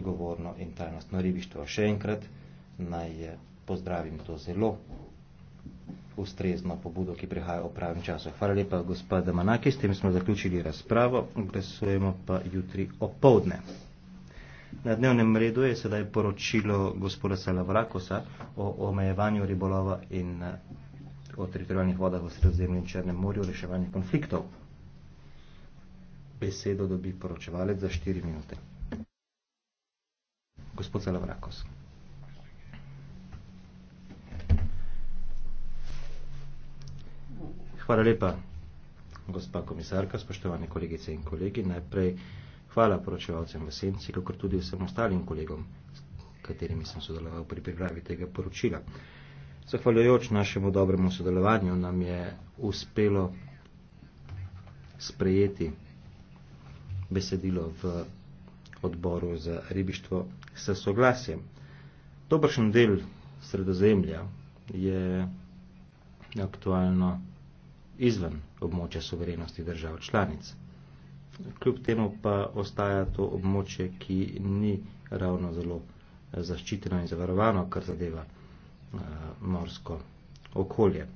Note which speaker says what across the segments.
Speaker 1: odgovorno in trajnostno ribištvo. Še enkrat naj eh, pozdravim to zelo ustrezno pobudo, ki prihaja v pravem času. Hvala lepa, gospoda Manaki, s tem smo zaključili razpravo, glasujemo pa jutri opovdne. Na dnevnem redu je sedaj poročilo gospoda Salavrakosa o omejevanju ribolova in eh, o teritorijalnih vodah v Sredozemlju in Črnem morju, reševanju konfliktov. Besedo dobi poročevalec za 4 minute gospod Zalavrakos. Hvala lepa, gospa komisarka, spoštovane kolegice in kolegi. Najprej hvala poročevalcem v Senci, kakor tudi vsem ostalim kolegom, s katerimi sem sodeloval pri pripravi tega poročila. Zahvaljujoč našemu dobremu sodelovanju nam je uspelo sprejeti besedilo v odboru za ribištvo s soglasjem. Dobršen del sredozemlja je aktualno izven območja soverenosti držav članic. Kljub temu pa ostaja to območje, ki ni ravno zelo eh, zaščiteno in zavarovano, kar zadeva uh, morsko okolje.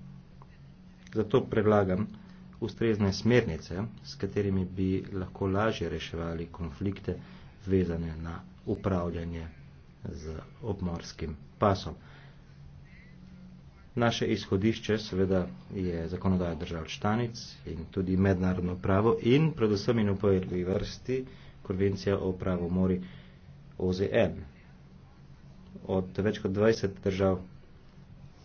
Speaker 1: Zato predlagam ustrezne smernice, s katerimi bi lahko lažje reševali konflikte vezane na upravljanje z obmorskim pasom. Naše izhodišče seveda je zakonodaja držav članic in tudi mednarodno pravo in predvsem in upojedvi vrsti konvencija o pravo mori OZN. Od več kot 20 držav,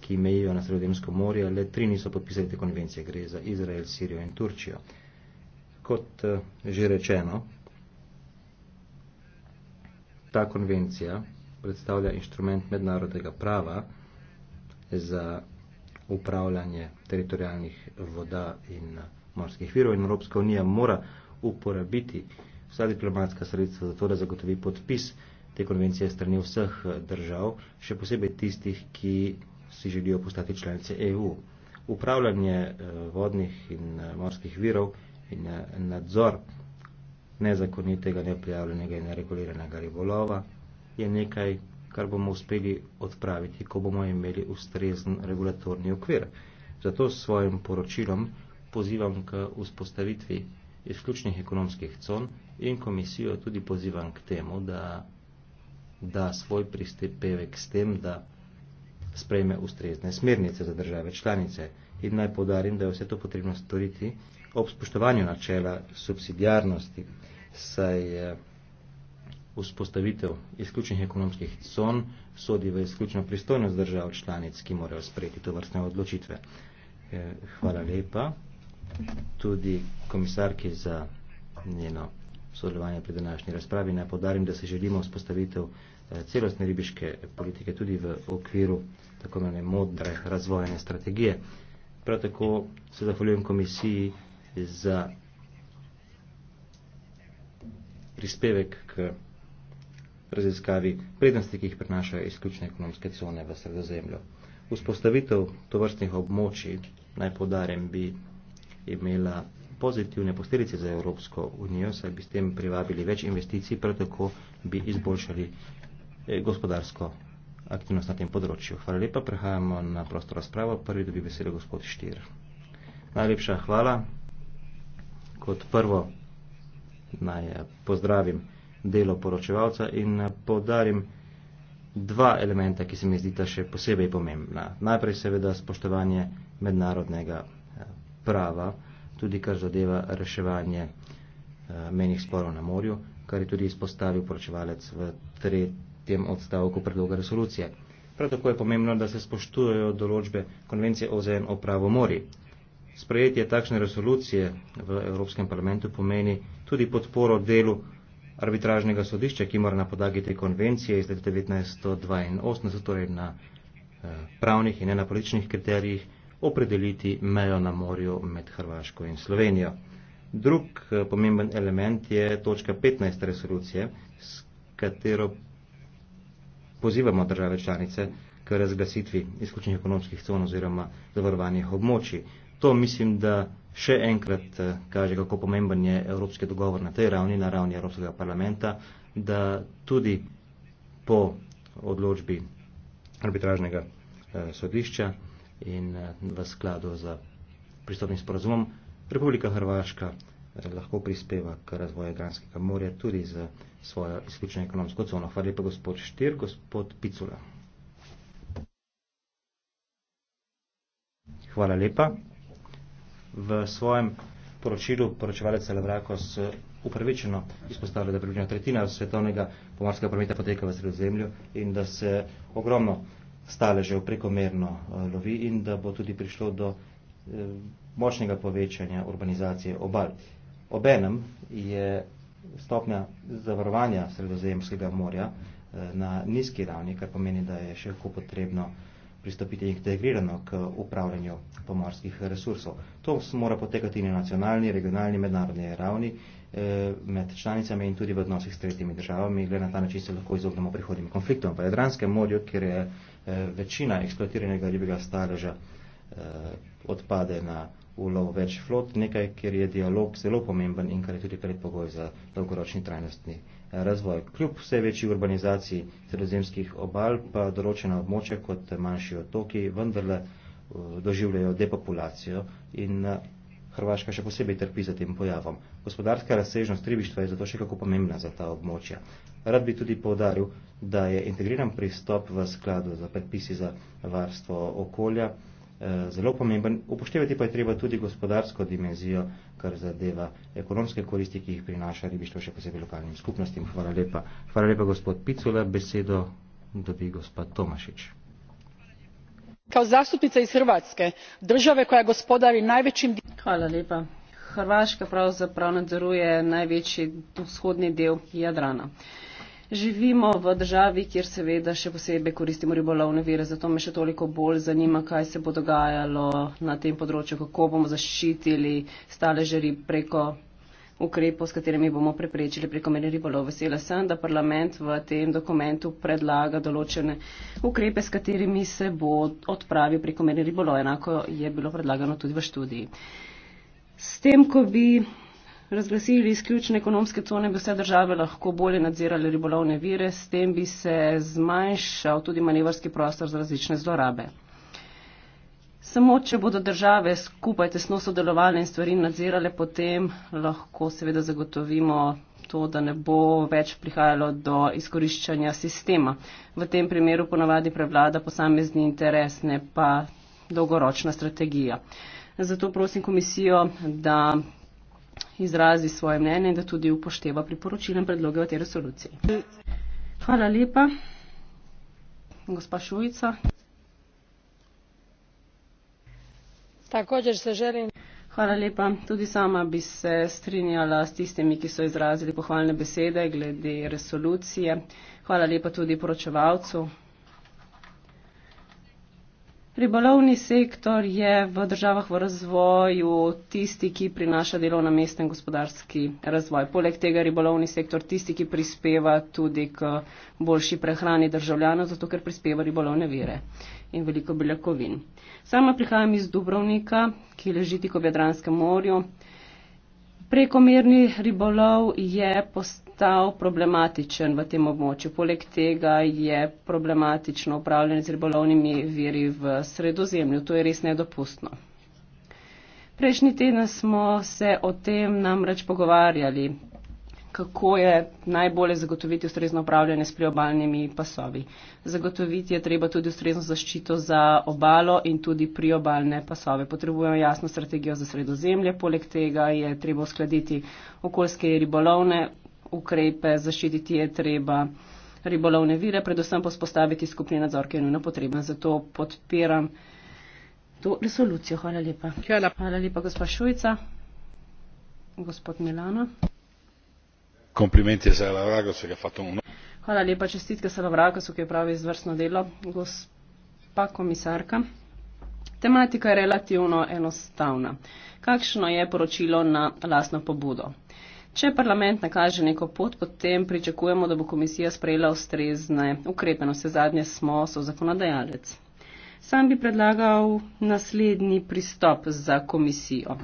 Speaker 1: ki mejijo na Sredemsko morje, le tri niso podpisali te konvencije, gre za Izrael, Sirijo in Turčijo. Kot eh, že rečeno, Ta konvencija predstavlja inštrument mednarodnega prava za upravljanje teritorijalnih voda in morskih virov in Evropska unija mora uporabiti vsa diplomatska sredstva za to, da zagotovi podpis te konvencije strani vseh držav, še posebej tistih, ki si želijo postati članice EU. Upravljanje eh, vodnih in eh, morskih virov in eh, nadzor nezakonitega, neprijavljenega in nereguliranega ribolova, je nekaj, kar bomo uspeli odpraviti, ko bomo imeli ustrezen regulatorni okvir. Zato s svojim poročilom pozivam k vzpostavitvi izključnih ekonomskih con in komisijo tudi pozivam k temu, da da svoj pristepevek s tem, da sprejme ustrezne smernice za države članice. In naj podarim, da je vse to potrebno storiti, ob spoštovanju načela subsidijarnosti, saj je vzpostavitev izključnih ekonomskih con sodi v izključno pristojnost držav članic, ki morajo sprejeti to vrstne odločitve. Eh, hvala lepa tudi komisarki za njeno sodelovanje pri današnji razpravi. Naj podarim, da se želimo vzpostavitev eh, celostne ribiške politike tudi v okviru tako imenovane modre razvojne strategije. Prav tako se zahvaljujem komisiji za prispevek k raziskavi prednosti, ki jih prinašajo izključne ekonomske cone v sredozemlju. Vzpostavitev tovrstnih območij, naj podarem, bi imela pozitivne posledice za Evropsko unijo, saj bi s tem privabili več investicij, prav tako bi izboljšali eh, gospodarsko aktivnost na tem področju. Hvala lepa, prehajamo na prosto razpravo. Prvi dobi besedo gospod Štir. Najlepša hvala kot prvo naj eh, pozdravim delo poročevalca in eh, podarim dva elementa, ki se mi zdita še posebej pomembna. Najprej seveda spoštovanje mednarodnega eh, prava, tudi kar zadeva reševanje menih sporov na morju, kar je tudi izpostavil poročevalec v tretjem odstavku predloga resolucije. Prav tako je pomembno, da se spoštujejo določbe konvencije OZN o pravo mori, Sprejetje takšne resolucije v Evropskem parlamentu pomeni tudi podporo delu arbitražnega sodišča, ki mora na podlagi te konvencije iz leta 1982, torej na eh, pravnih in enapoličnih kriterijih, opredeliti mejo na morju med Hrvaško in Slovenijo. Drug eh, pomemben element je točka 15 resolucije, s katero pozivamo države članice k razglasitvi izključnih ekonomskih con oziroma zavarovanih območij. To mislim, da še enkrat eh, kaže, kako pomemben je evropski dogovor na tej ravni, na ravni Evropskega parlamenta, da tudi po odločbi arbitražnega eh, sodišča in eh, v skladu z pristopnim sporazumom Republika Hrvaška lahko prispeva k razvoju Granskega morja tudi z svojo izključno ekonomsko cono. Hvala lepa gospod Štir, gospod Picula. Hvala lepa v svojem poročilu poročevalec Levrakos eh, upravičeno izpostavlja, da približno tretjina svetovnega pomorskega prometa poteka v sredozemlju in da se ogromno staležev prekomerno eh, lovi in da bo tudi prišlo do eh, močnega povečanja urbanizacije obal. Obenem je stopnja zavarovanja sredozemskega morja na nizki ravni, kar pomeni, da je še potrebno potrebno pristopiti integrirano k upravljanju pomorskih resursov. To mora potekati na nacionalni, regionalni, mednarodni ravni eh, med članicami in tudi v odnosih s tretjimi državami. Gle na ta način se lahko izognemo prihodnim konfliktom. V Jadranskem morju, kjer je eh, večina eksploatiranega ribjega staleža eh, odpade na ulov več flot, nekaj, kjer je dialog zelo pomemben in kar je tudi predpogoj za dolgoročni trajnostni razvoj. Kljub vse večji urbanizaciji sredozemskih obal pa določena območja kot manjši otoki vendarle eh, doživljajo depopulacijo in eh, Hrvaška še posebej trpi za tem pojavom. Gospodarska razsežnost ribištva je zato še kako pomembna za ta območja. Rad bi tudi poudaril, da je integriran pristop v skladu za predpisi za varstvo okolja Eh, zelo pomemben. Upoštevati pa je treba tudi gospodarsko dimenzijo, kar zadeva ekonomske koristi, ki jih prinaša ribištvo še posebej lokalnim skupnostim. Hvala lepa. Hvala lepa, gospod Picula. Besedo dobi gospod Tomašič.
Speaker 2: Kao zastupnica iz Hrvatske, države koja gospodari najvećim... Hvala lepa. Hrvaška pravzaprav nadzoruje največji vzhodni del Jadrana. Uh, živimo v državi, kjer seveda še posebej koristimo ribolovne vire, zato me še toliko bolj zanima, kaj se bo dogajalo na tem področju, kako bomo zaščitili stale žeri preko ukrepov, s katerimi bomo preprečili prekomerni ribolov. Vesela sem, da parlament v tem dokumentu predlaga določene ukrepe, s katerimi se bo odpravil prekomerni ribolov. Enako je bilo predlagano tudi v študiji. S tem, ko bi razglasili izključne ekonomske cone, bi vse države lahko bolje nadzirale ribolovne vire, s tem bi se zmanjšal tudi manevrski prostor za različne zlorabe. Samo, če bodo države skupaj tesno sodelovali in stvari nadzirale, potem lahko seveda zagotovimo to, da ne bo več prihajalo do izkoriščanja sistema. V tem primeru ponavadi prevlada posamezni interes, ne pa dolgoročna strategija. Zato prosim komisijo, da izrazi svoje mnenje in da tudi upošteva priporočile in predloge v tej resoluciji. Hvala lepa, gospa Šujica. Također se želim. Hvala lepa. Tudi sama bi se strinjala s tistimi, ki so izrazili pohvalne besede glede resolucije. Hvala lepa tudi poročevalcu. Ribolovni sektor je v državah v razvoju tisti, ki prinaša delovna mesta in gospodarski razvoj. Poleg tega ribolovni sektor tisti, ki prispeva tudi k boljši prehrani državljanov, zato ker prispeva ribolovne vire in veliko beljakovin. Sama prihajam iz Dubrovnika, ki leži tik ob Jadranskem morju. Prekomerni ribolov je postal problematičen v tem območju. Poleg tega je problematično upravljanje z ribolovnimi viri v sredozemlju. To je res nedopustno. Prejšnji teden smo se o tem namreč pogovarjali kako je najbolje zagotoviti ustrezno upravljanje s priobalnimi pasovi. Zagotoviti je treba tudi ustrezno zaščito za obalo in tudi priobalne pasove. Potrebujemo jasno strategijo za sredozemlje, poleg tega je treba uskladiti okoljske ribolovne ukrepe, zaščititi je treba ribolovne vire, predvsem pa spostaviti skupni nadzor, ki je nujno potreben. Zato podpiram to resolucijo. Hvala lepa. Hvala, Hvala lepa, gospa Šujica. Gospod Milano komplimenti za Lavrago, se ga fato umno. Hvala lepa, čestitke za Lavrago, se ga pravi izvrstno delo. Gospa komisarka, tematika je relativno enostavna. Kakšno je poročilo na lastno pobudo? Če parlament nakaže neko pot, potem pričakujemo, da bo komisija sprejela ustrezne ukrepe. No, vse zadnje smo, so zakonodajalec. Sam bi predlagal naslednji pristop za komisijo.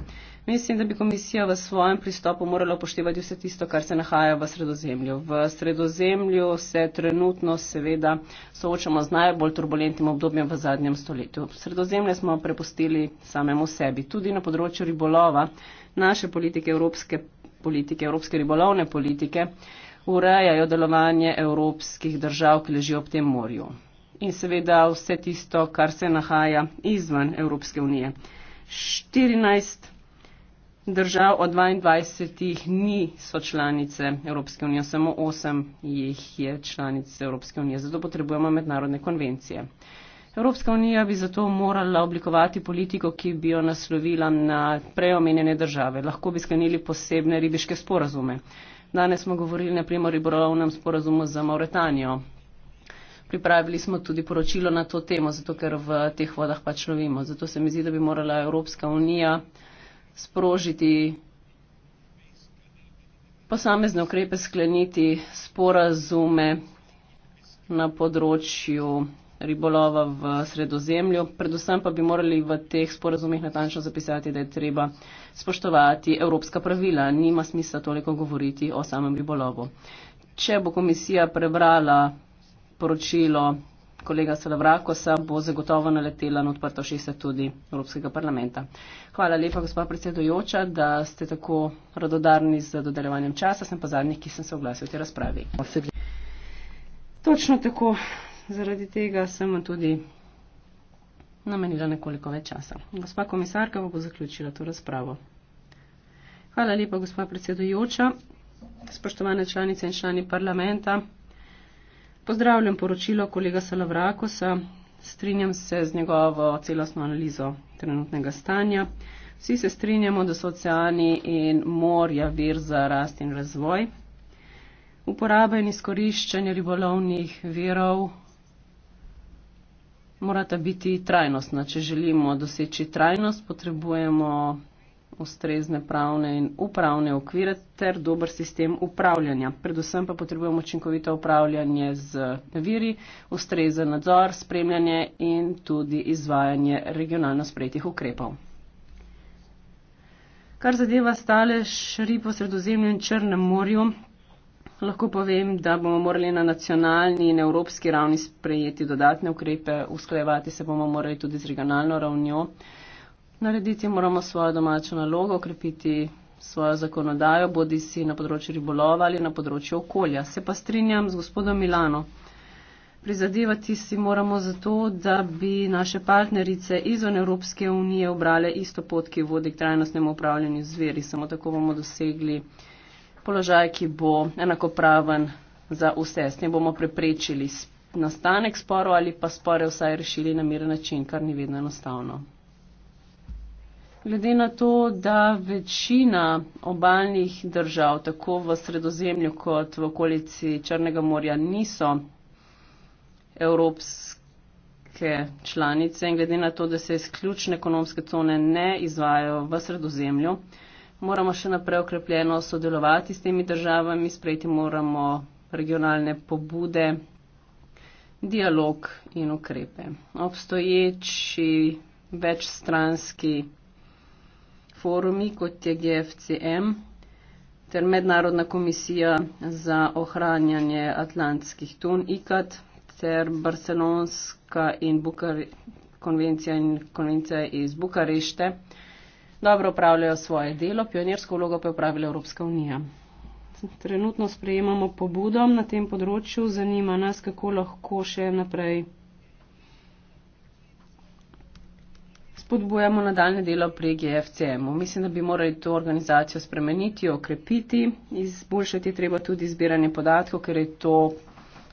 Speaker 2: Mislim, da bi komisija v svojem pristopu morala upoštevati vse tisto, kar se nahaja v sredozemlju. V sredozemlju se trenutno seveda soočamo z najbolj turbulentnim obdobjem v zadnjem stoletju. Sredozemlje smo prepustili samemu sebi. Tudi na področju ribolova naše politike, evropske politike, evropske ribolovne politike urejajo delovanje evropskih držav, ki ležijo ob tem morju. In seveda vse tisto, kar se nahaja izven Evropske unije. 14 držav od 22 niso članice Evropske unije, samo 8 jih je članice Evropske unije, zato potrebujemo mednarodne konvencije. Evropska unija bi zato morala oblikovati politiko, ki bi jo naslovila na preomenjene države. Lahko bi sklenili posebne ribiške sporazume. Danes smo govorili na primer o ribolovnem sporazumu za Mauretanijo. Pripravili smo tudi poročilo na to temo, zato ker v teh vodah pač lovimo. Zato se mi zdi, da bi morala Evropska unija uh, sprožiti posamezne ukrepe, skleniti sporazume na področju ribolova v sredozemlju. Predvsem pa bi morali v teh sporazumih natančno zapisati, da je treba spoštovati evropska pravila. Nima smisla toliko govoriti o samem ribolovu. Če bo komisija prebrala poročilo kolega Salavrakosa bo zagotovo naletela na odprto šeste tudi Evropskega parlamenta. Hvala lepa, gospa predsedujoča, da ste tako radodarni z dodeljevanjem časa. Sem pa zadnji, ki sem se oglasil v tej razpravi. Točno tako, zaradi tega sem tudi namenila nekoliko več časa. Gospa komisarka bo zaključila to razpravo. Hvala lepa, gospa predsedujoča, spoštovane članice in člani parlamenta. Pozdravljam poročilo kolega Salavrakosa, strinjam se z njegovo celostno analizo trenutnega stanja. Vsi se strinjamo, da so oceani in morja vir za rast in razvoj. Uporaba in izkoriščanje ribolovnih virov morata biti trajnostna. Če želimo doseči trajnost, potrebujemo ustrezne pravne in upravne okvire ter dober sistem upravljanja. Predvsem pa potrebujemo učinkovito upravljanje z viri, ustrezen nadzor, spremljanje in tudi izvajanje regionalno sprejetih ukrepov. Kar zadeva stalež rib v sredozemlju in Črnem morju, lahko povem, da bomo morali na nacionalni in evropski ravni sprejeti dodatne ukrepe, usklajevati se bomo morali tudi z regionalno ravnjo. Narediti moramo svojo domačo nalogo, okrepiti svojo zakonodajo, bodi si na področju ribolova ali na področju okolja. Se pa strinjam z gospodom Milano. Prizadevati si moramo zato, da bi naše partnerice izven Evropske unije obrale isto pot, ki vodi k trajnostnemu upravljanju zveri. Samo tako bomo dosegli položaj, ki bo enakopraven za vse. S tem bomo preprečili nastanek sporov ali pa spore vsaj rešili na miren način, kar ni vedno enostavno glede na to, da večina obaljnih držav, tako v sredozemlju kot v okolici Črnega morja, niso evropske članice in glede na to, da se izključne ekonomske cone ne izvajo v sredozemlju, moramo še naprej okrepljeno sodelovati s temi državami, sprejeti moramo regionalne pobude, dialog in ukrepe. Obstoječi večstranski forumi, kot je GFCM ter Mednarodna komisija za ohranjanje atlantskih tun IKAT ter Barcelonska in Bukare konvencija in konvencija iz Bukarešte dobro upravljajo svoje delo, pionirsko vlogo pa je upravila Evropska unija. Trenutno sprejemamo pobudo na tem področju, zanima nas, kako lahko še naprej spodbujamo nadaljne delo pri GFCM-u. Mislim, da bi morali to organizacijo spremeniti, okrepiti, izboljšati treba tudi zbiranje podatkov, ker je to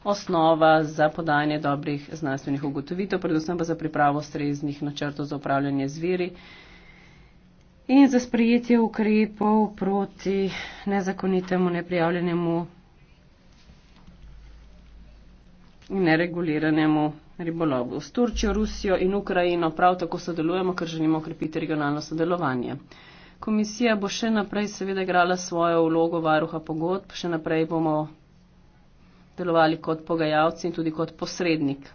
Speaker 2: osnova za podajanje dobrih znanstvenih ugotovitev, predvsem pa za pripravo streznih načrtov za upravljanje zviri in za sprejetje ukrepov proti nezakonitemu, neprijavljenemu in nereguliranemu ribolov. S Turčjo, Rusijo in Ukrajino prav tako sodelujemo, ker želimo okrepiti regionalno sodelovanje. Komisija bo še naprej seveda igrala svojo vlogo varuha pogodb, še naprej bomo delovali kot pogajalci in tudi kot posrednik.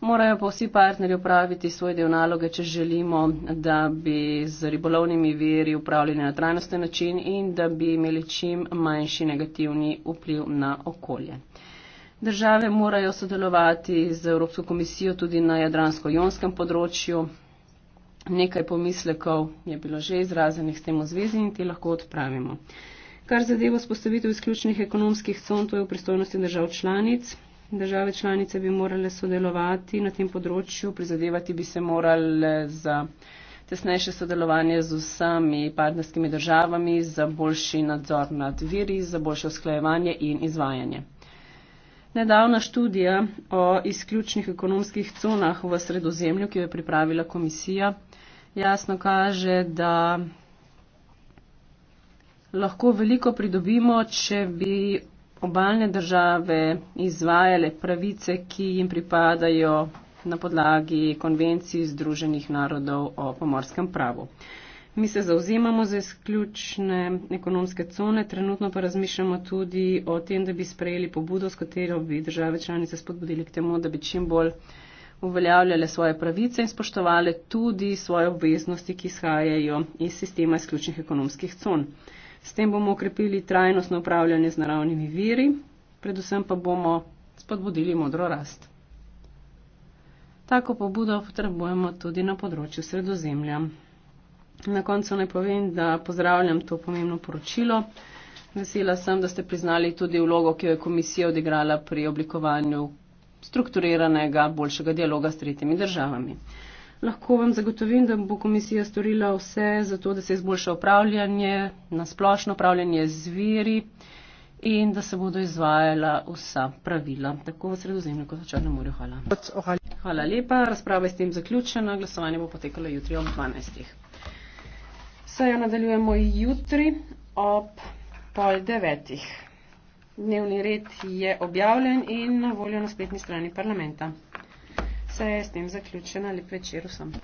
Speaker 2: Morajo pa vsi partnerji upraviti svoje del naloge, če želimo, da bi z ribolovnimi veri upravljali na trajnosten način in da bi imeli čim manjši negativni vpliv na okolje. Države morajo sodelovati z Evropsko komisijo tudi na jadransko-jonskem področju. Nekaj pomislekov je bilo že izrazenih s tem v zvezi in ti lahko odpravimo. Kar zadeva spostavitev izključnih ekonomskih con, to je v pristojnosti držav članic. Države članice bi morale sodelovati na tem področju, prizadevati bi se morale za tesnejše sodelovanje z vsemi partnerskimi državami, za boljši nadzor nad viri, za boljše usklajevanje in izvajanje. Nedavna študija o izključnih ekonomskih conah v sredozemlju, ki jo je pripravila komisija, jasno kaže, da lahko veliko pridobimo, če bi obaljne države izvajale pravice, ki jim pripadajo na podlagi konvencij Združenih narodov o pomorskem pravu. Mi se zauzemamo za izključne ekonomske cone, trenutno pa razmišljamo tudi o tem, da bi sprejeli pobudo, s katero bi države članice spodbudili k temu, da bi čim bolj uveljavljale svoje pravice in spoštovale tudi svoje obveznosti, ki izhajajo iz sistema izključnih ekonomskih con. S tem bomo okrepili trajnostno upravljanje z naravnimi viri, predvsem pa bomo spodbudili modro rast. Tako pobudo potrebujemo tudi na področju sredozemlja. Na koncu naj povem, da pozdravljam to pomembno poročilo. Vesela sem, da ste priznali tudi vlogo, ki jo je komisija odigrala pri oblikovanju strukturiranega boljšega dialoga s tretjimi državami. Lahko vam zagotovim, da bo komisija storila vse za to, da se izboljša upravljanje, nasplošno upravljanje z viri in da se bodo izvajala vsa pravila, tako v sredozemlju kot v Črnem morju. Hvala. Hvala lepa. Razprava je s tem zaključena. Glasovanje bo potekalo jutri ob 12. Sejo nadaljujemo jutri ob pol devetih. Dnevni red je objavljen in na
Speaker 1: voljo na spletni strani parlamenta. Seja je s tem zaključena. Lep večer vsem.